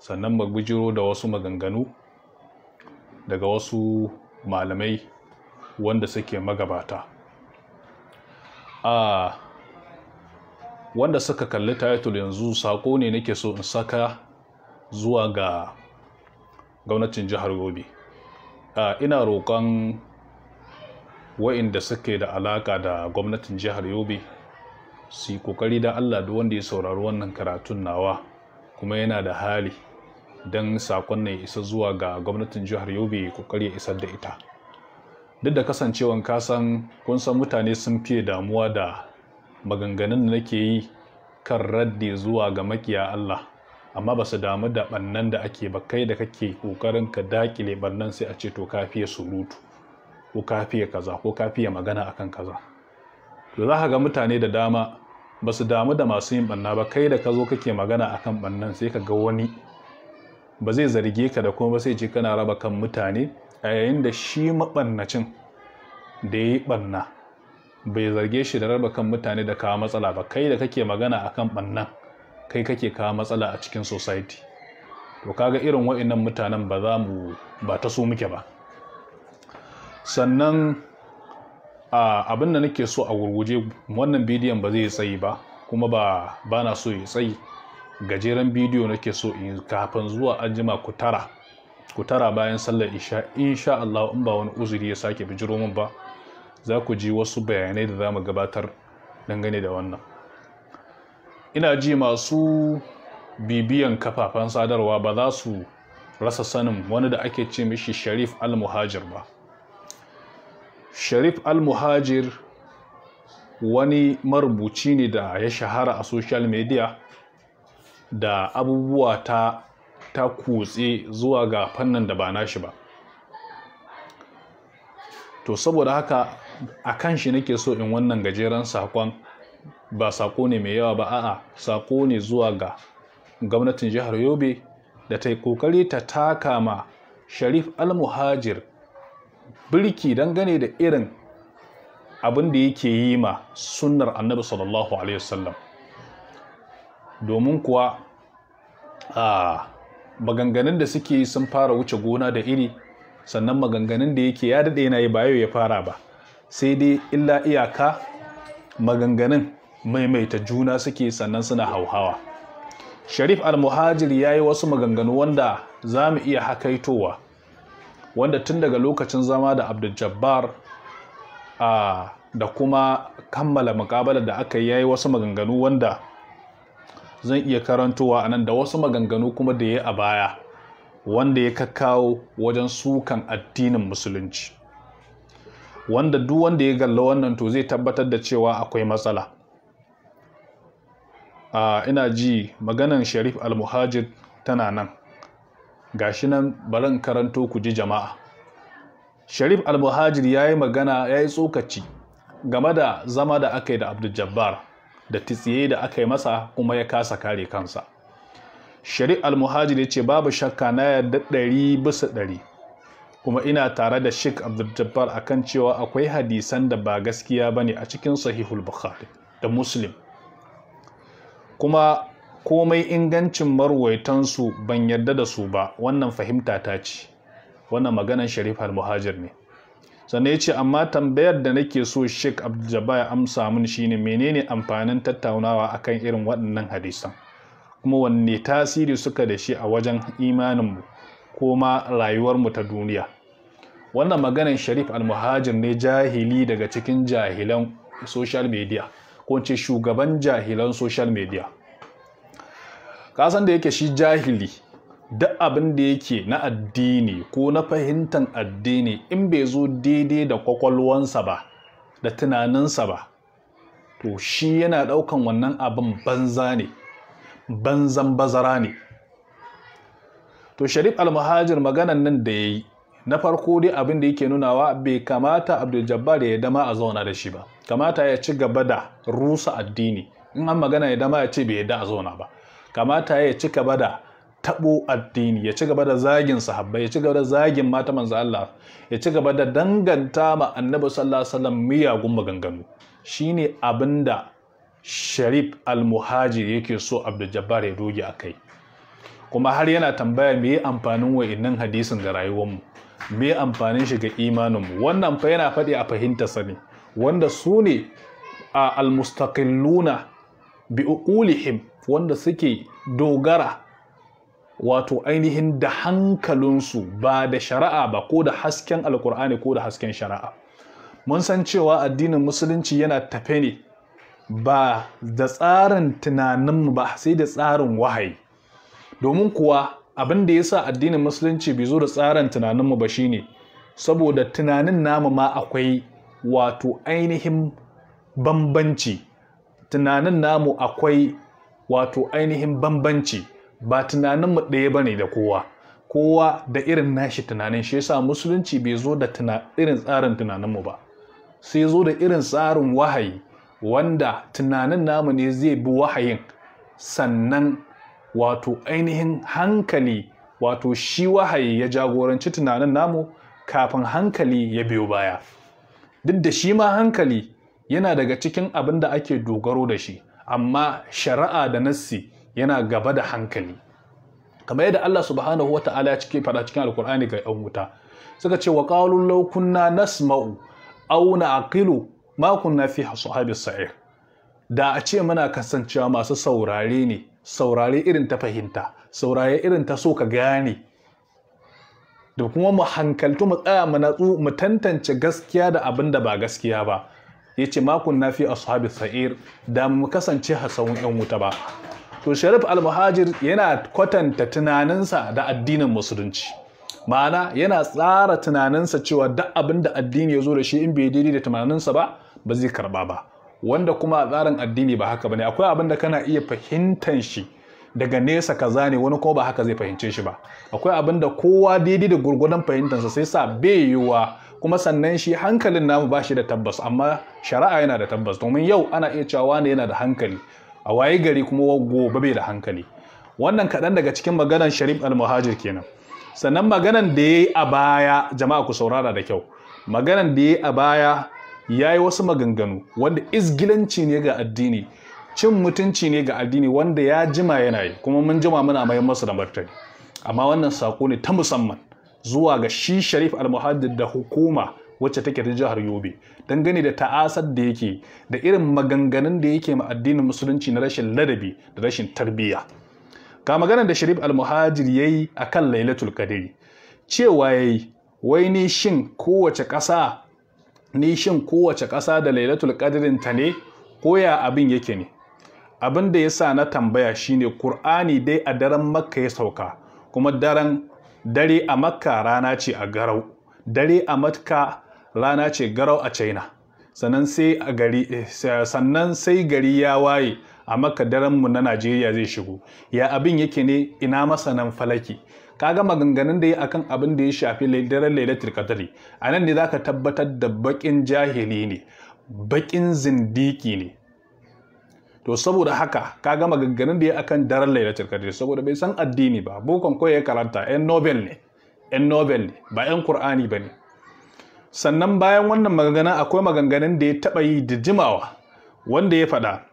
sannan mu da wasu maganganu daga wasu malamai wanda suke magabata a ah, wanda suka kalli title yanzu sako ne nake so in saka zuwa ga gwamnatin jihar yobe ah, ina roƙon wa'inda suke da alaƙa da gwamnatin jihar yobe su yi ƙoƙari da allah da wanda ya saurari wannan karatun nawa kuma yana da hali don sakon ya isa zuwa ga gwamnatin jihar yobe kokari ya isar da ita duk da kasancewan kasan kun san mutane sun fiye damuwa da maganganun da nake yi kan radde zuwa ga makiya allah amma ba su damu da bannan da ake ba kai da kake kokarin ka dakile bannan sai a ce to ka surutu ko ka kaza ko ka magana akan kaza to za ka ga mutane da dama ba su damu da masu yin banna ba kai da ka zo kake magana akan bannan sai ka ga wani ba zai zarge ka da kuma ba sai ce kana raba kan mutane a yayin da shi maɓannacin da ya yi ɓanna bai zarge shi da raba kan mutane da kawo matsala ba kai da kake magana a kan ɓannan kai kake kawo matsala a cikin society to kaga irin wa'innan mutanen ba za mu ba ta so muke ba sannan abin da nake so a gurguje wannan bidiyon ba zai tsayi ba kuma ba na so ya tsayi gajeren bidiyo nake so in kafin zuwa anjima ku tara ku tara bayan sallar isha insha Allah in ba wani uzuri ya sake bijiro min ba za ku ji wasu bayanai da za mu gabatar dangane da wannan ina ji masu bibiyan kafafen sadarwa ba za su rasa sanin wani da ake ce mishi sharif al-muhajir ba sharif al-muhajir wani marubuci ne da ya shahara a social media da abubuwa ta ta kutse zuwa ga fannin da ba nashi ba to saboda haka a kan shi nake so in wannan gajeren sakon ba sako ne mai yawa ba a'a sako ne zuwa ga gwamnatin jihar yobe da ta yi kokari ta taka ma sharif almuhajir birki dangane da irin abin da yake yi ma sunnar annabi sallallahu alaihi wasallam domin kuwa a maganganun da suke yi sun fara wuce gona da iri sannan maganganun da yake ya daɗe yana yi ba yau ya fara ba sai dai illa iyaka maganganun maimaita juna suke sannan suna hauhawa sharif al-muhajir ya yi wasu maganganu wanda za mu iya hakaitowa wanda tun daga lokacin zama da abdul jabbar da kuma kammala mukabalar da aka yi ya yi wasu maganganu wanda zan iya karantowa a nan da wasu maganganu kuma da ya a baya wanda ya kakkawo wajen sukan addinin musulunci wanda duk wanda ya galla wannan to zai tabbatar da cewa akwai matsala a ina ji maganan sharif almuhajir tana nan ga shi nan barin karanto ku ji jama'a sharif almuhajir ya yi magana ya yi tsokaci game da zama da aka yi da abdul da titsiye da aka yi masa kuma ya kasa kare kansa shari'ar muhajir ya ce babu shakka na yarda ɗari bisa ɗari kuma ina tare da sheik abdul akan cewa akwai hadisan da ba gaskiya ba ne a cikin sahihul bukhari da muslim kuma komai ingancin marwaitansu ban yarda da su ba wannan fahimta ta ce wannan maganan sharif al-muhajir ne sannan ya ce amma tambayar da nake so Sheikh abdul ya amsa mun shine menene amfanin tattaunawa akan irin waɗannan hadisan kuma wanne tasiri suka da shi a wajen imaninmu ko ma rayuwarmu ta duniya wannan maganar sharif almuhajir ne jahili daga cikin jahilan social media ko ce shugaban jahilan social media kasan da yake shi jahili duk abin da yake na addini ko na fahimtar addini in bai zo daidai da kwakwalwansa ba da tunaninsa ba to shi yana ɗaukan wannan abin banza ne banzan bazara ne to sharif almuhajir maganan nan da ya yi na farko dai abin da yake nunawa bai kamata abdul ya dama a zauna da shi ba kamata ya ci gaba da rusa addini in an magana ya dama ya ce bai yadda a zauna ba kamata ya ci gaba da taɓo addini ya ci gaba da zagin sahabbai ya ci gaba da zagin mata manzo Allah ya ci gaba da danganta ma annabi sallallahu alaihi wasallam miyagun maganganu shine abinda Sharif al-Muhajir yake so Abdul Jabbar ya doge a kai. kuma har yana tambaya me amfanin wa'innan hadisin ga rayuwarmu me amfanin shi ga imaninmu wannan fa yana faɗi a fahimta sani wanda su ne a almustaqilluna bi uqulihim wanda suke dogara wato ainihin da hankalinsu ba da shari'a ba ko da hasken alkur'ani ko da hasken shari'a mun san cewa addinin musulunci yana tafe ne ba da tsarin tunaninmu ba sai da tsarin wahayi domin kuwa abin da ya sa addinin musulunci bai zo da tsarin tunaninmu ba shi ne. saboda tunanin namu ma akwai wato ainihin bambanci tunanin namu akwai wato ainihin bambanci ba tunaninmu ɗaya ba ne da kowa kowa da irin nashi tunanin shi yasa musulunci bai zo da irin tsarin tunaninmu ba sai zo da irin tsarin wahayi wanda tunanin namu ne zai bi wahayin sannan wato ainihin hankali wato shi wahayi ya jagoranci tunanin namu kafin hankali ya biyo baya duk da shi ma hankali yana daga cikin abin da ake dogaro da shi amma shari'a da nassi yana gaba da hankali kamar yadda Allah subhanahu Ta'ala ya cike fada cikin alkur'ani ga yan wuta suka ce wa qalu law kunna nasma'u aw na'qilu ma kunna fi ashabis sa'ir da a ce muna kasancewa masu saurare ne saurare irin ta fahimta saurare irin ta so ka gane da kuma mu hankaltu mu tsaya mu natsu mu tantance gaskiya da abin da ba gaskiya ba yace makon na fi ashabi sa'ir da mu kasance hasawun yan wuta ba to sharif almuhajir yana kwatanta tunaninsa da addinin musulunci ma'ana yana tsara tunaninsa cewa duk abin da addini ya zo da shi in bai daidai da tunaninsa ba ba zai karba ba wanda kuma a tsarin addini ba haka bane akwai abin da kana iya fahimtan shi daga nesa kaza ne wani kuma ba haka zai fahimce shi ba akwai abin da kowa daidai da gurgudan fahimtansa sai sa bai yiwuwa kuma sannan shi hankalin namu ba shi da tabbas amma shari'a yana da tabbas domin yau ana iya cewa ne yana da hankali a waye gari kuma gobe bai da hankali wannan kaɗan daga cikin maganan sharif al almuhajir kenan sannan maganan da ya yi a baya jama'a ku saurara da kyau maganan da ya yi a baya ya yi wasu maganganu wanda izgilanci ne ga addini cin mutunci ne ga addini wanda ya jima yana yi kuma mun jima muna mayan masa da martani amma wannan sako ne ta musamman zuwa ga shi sharif al al-muhajir da hukuma wacce take da jihar Yobe dangane da ta'asar da yake da irin maganganun da yake ma addinin musulunci na rashin ladabi da rashin tarbiyya ga maganar da Sharif Al-Muhajir yayi akan Lailatul Qadri cewa yayi wai ni shin kowace ƙasa kowace ƙasa da Lailatul Qadrin ta ne ko ya abin yake ne abin da yasa na tambaya shine Kur'ani dai a daren Makka ya sauka kuma daren dare a Makka rana ce a garau dare a Makka rana ce garau a china sannan sai eh, gari ya waye a maka makadaranmu na najeriya zai shigo ya abin yake ne ina masanan falaki kaga maganganun da ya akan abin da ya shafi daren lailatul qadri a nan ne zaka tabbatar da bakin jahili ne bakin zindiki ne to saboda haka kaga maganganun da ya akan daren lailatul qadri saboda bai san addini ba bukon koyi ya karanta yan nobel ne yan nobel ne ba yan qur'ani bane sannan bayan wannan maganganun akwai maganganun da ya taɓa yi da jimawa wanda ya faɗa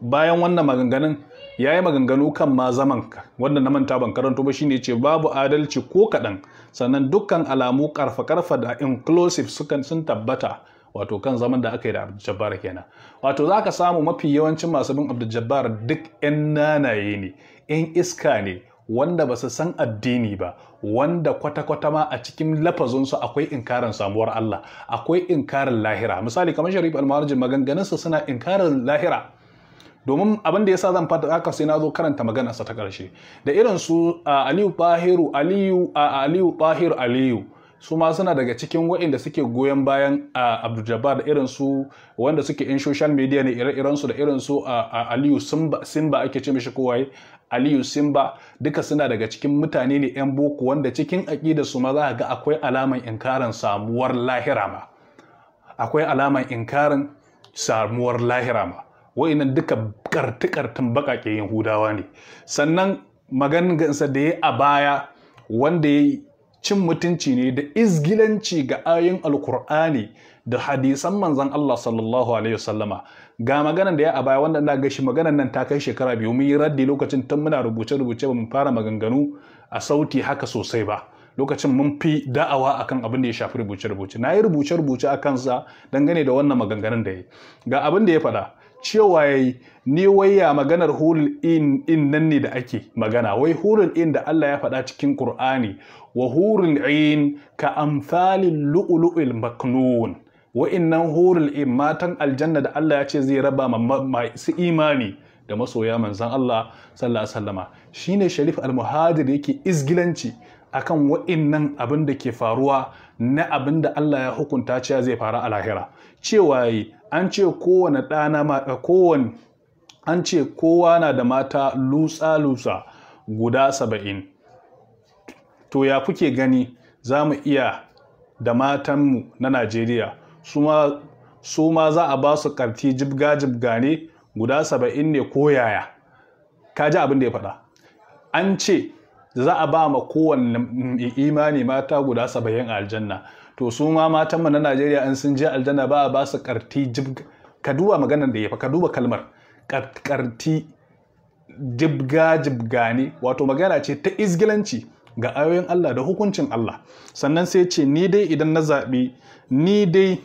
bayan wannan maganganun ya yi maganganu kan ma zaman wanda na manta ban karanto ba shine ce babu adalci ko kaɗan sannan dukkan alamu karfa-karfa da inclusive sukan sun tabbata wato kan zaman da aka yi da abdul kenan wato za ka samu mafi yawancin masu bin abdul duk 'yan nanaye ne 'yan iska ne wanda ba su san addini ba wanda kwata-kwata ma a cikin lafazinsu akwai inkarin samuwar Allah akwai inkarin lahira misali kamar sharif almarjin maganganunsa suna inkarin lahira domin abin da yasa zan fata aka sai na zo karanta maganarsa ta ƙarshe da irin su aliyu tahiru aliyu aliyu tahiru aliyu su ma suna daga cikin waɗanda suke goyon bayan a abdul da irin su wanda suke in social media ne ire-iren su da irin su a aliyu simba ake ce mishi kowai aliyu simba duka suna daga cikin mutane ne yan boko wanda cikin aƙida su ma za ga akwai alaman inkarin samuwar lahira ma akwai alaman inkarin samuwar lahira ma wa'innan duka karti-kartin baƙaƙe yahudawa ne sannan maganin gansa da ya a baya wanda ya cin mutunci ne da izgilanci ga ayin alkur'ani da hadisan manzan Allah sallallahu alaihi wasallama ga maganan da ya a baya wanda na gashi maganan nan ta kai shekara biyu mun yi raddi lokacin tun muna rubuce rubuce ba mu fara maganganu a sauti haka sosai ba lokacin mun fi da'awa akan abin da ya shafi rubuce rubuce na yi rubuce rubuce a kansa dangane da wannan maganganun da ya ga abin da ya faɗa cewa ni wai maganar hulul in nan ne da ake magana wai hulul in da Allah ya faɗa cikin Qur'ani wa hulul in ka amsalin lu'lu'il maknun wa'innan hulul in matan aljanna da Allah ya ce zai raba masu imani da masoya manzan Allah sallallahu alaihi wasallama shine Sharif al-Muhadir yake izgilanci akan wa'innan abin da ke faruwa na abin da Allah ya hukunta cewa zai faru a lahira cewa an ce kowane ɗana kowane an ce kowa na da mata lusa-lusa guda saba'in to ya kuke gani za mu iya da matanmu na najeriya su ma za a ba su ƙarti jibga-jibga ne guda saba'in ne ko yaya ka ji abin da ya faɗa an ce da za a ba ma kowane imani mata guda saba'in a aljanna to su ma matanmu na Najeriya an sun je aljanna ba a ba su karti jibga ka duba maganar da ya fa ka duba kalmar karti jibga jibga ne. wato magana ce ta izgilanci ga ayoyin Allah da hukuncin Allah sannan sai ce ni dai idan na zaɓi ni dai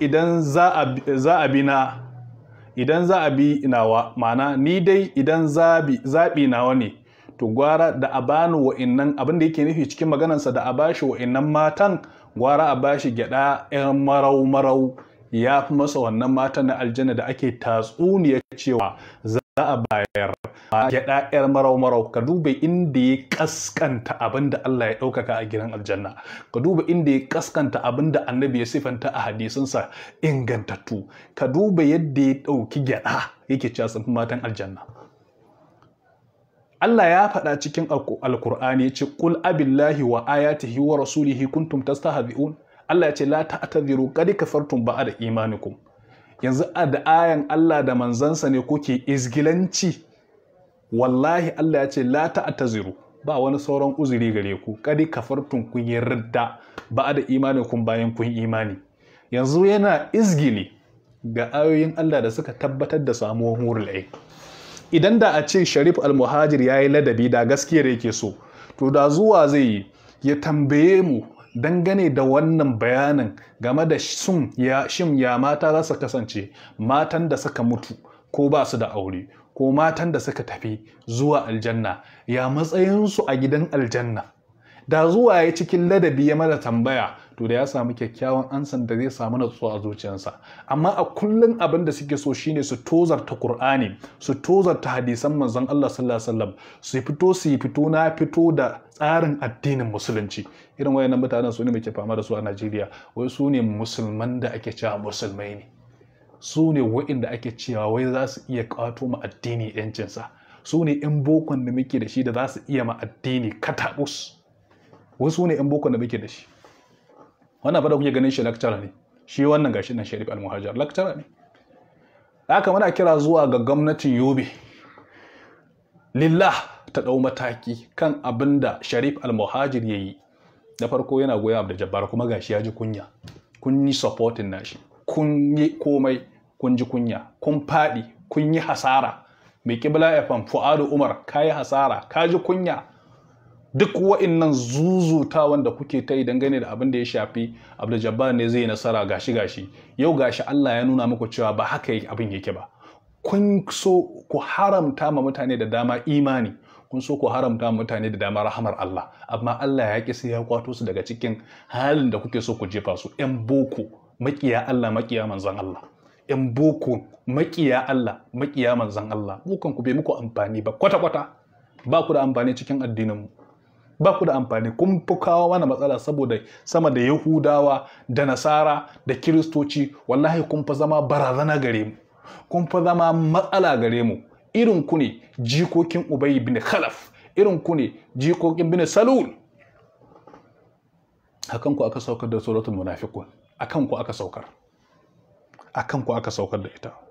idan za a bi na idan za a bi nawa ma'ana ni dai idan zaɓi nawa ne to gwara da a bani wa'innan abin da yake nufi cikin maganansa da a bashi wa'innan matan gwara a bashi gyada yan marau marau ya fi masa wannan matan na aljanna da ake tatsuniya cewa za a bayar gyada yar marau marau ka duba inda ya kaskanta abin da Allah ya ɗaukaka a gidan aljanna ka duba inda ya kaskanta abin da annabi ya sifanta a hadisinsa ingantattu ka duba yadda ya ɗauki gyada yake cewa matan aljanna Allah ya faɗa cikin alkur'ani ya ce qul abillahi wa ayatihi wa rasulihi kuntum tastahzi'un Allah ya ce la ta'tadhiru qad kafartum ba'da imanikum yanzu a da ayan Allah da manzansa ne kuke izgilanci wallahi Allah ya ce la ta'tadhiru ba wani sauran uzuri gare ku qad kafartum kun yarda ba'da imanikum bayan kun imani yanzu yana izgili ga ayoyin Allah da suka tabbatar da samuwar murlai idan da a ce sharif almuhajir ya yi ladabi da gaskiyar yake so to da zuwa zai yi ya tambaye mu dangane da wannan bayanin game da sun ya shim ya mata za su kasance matan da suka mutu ko ba su da aure ko matan da suka tafi zuwa aljanna ya matsayinsu a gidan aljanna da zuwa ya cikin ladabi ya mara tambaya to da ya samu kyakkyawan ansan da zai samu natsuwa a zuciyarsa amma a kullum abin da suke so shine su tozarta Kur'ani, su tozarta hadisan manzon Allah sallallahu alaihi wasallam su fito su fito na fito da tsarin addinin musulunci irin wayannan mutanen su ne muke fama da su a Najeriya wai su ne musulman da ake cewa musulmai ne su ne wa'inda ake cewa wai za su iya kwato ma addini yancinsa su ne 'yan bokon da muke da shi da za su iya ma addini katabus wasu ne 'yan bokon da muke da shi wannan fa kuke ganin shi lakcara ne shi wannan gashi nan Sharif Al-Muhajir lakcara ne Aka muna kira zuwa ga gwamnatin Yobe lillah ta ɗau mataki kan abin da Sharif Al-Muhajir yayi da farko yana goya da Jabbar kuma gashi ya ji kunya kun yi supporting nashi kun yi komai kun ji kunya kun faɗi kun yi hasara mai kibla fm fu'adu umar ka yi hasara ka ji kunya duk wa'innan zuzutawan da kuke ta yi dangane da abin da ya shafi abdul ne zai nasara gashi gashi yau gashi Allah ya nuna muku cewa ba haka abin yake ba kun so ku haramta ma mutane da dama imani kun so ku haramta ma mutane da dama rahamar Allah amma Allah ya kisa sai ya kwato su daga cikin halin da kuke so ku jefa su Yan boko maƙiya Allah makiya manzon Allah yan boko maƙiya Allah maƙiya manzon Allah bukan ku bai muku amfani ba kwata kwata ba ku da amfani cikin addinin mu ba ku da amfani kun fi kawo mana matsala saboda sama da yahudawa da nasara da kiristoci wallahi kun fa zama barazana gare mu kun fa zama matsala gare mu irin ku ne jikokin ubayi bin khalaf irin ku ne jikokin bin salul akan ku aka saukar da suratul munafiqun akan ku aka saukar akan ku aka saukar da ita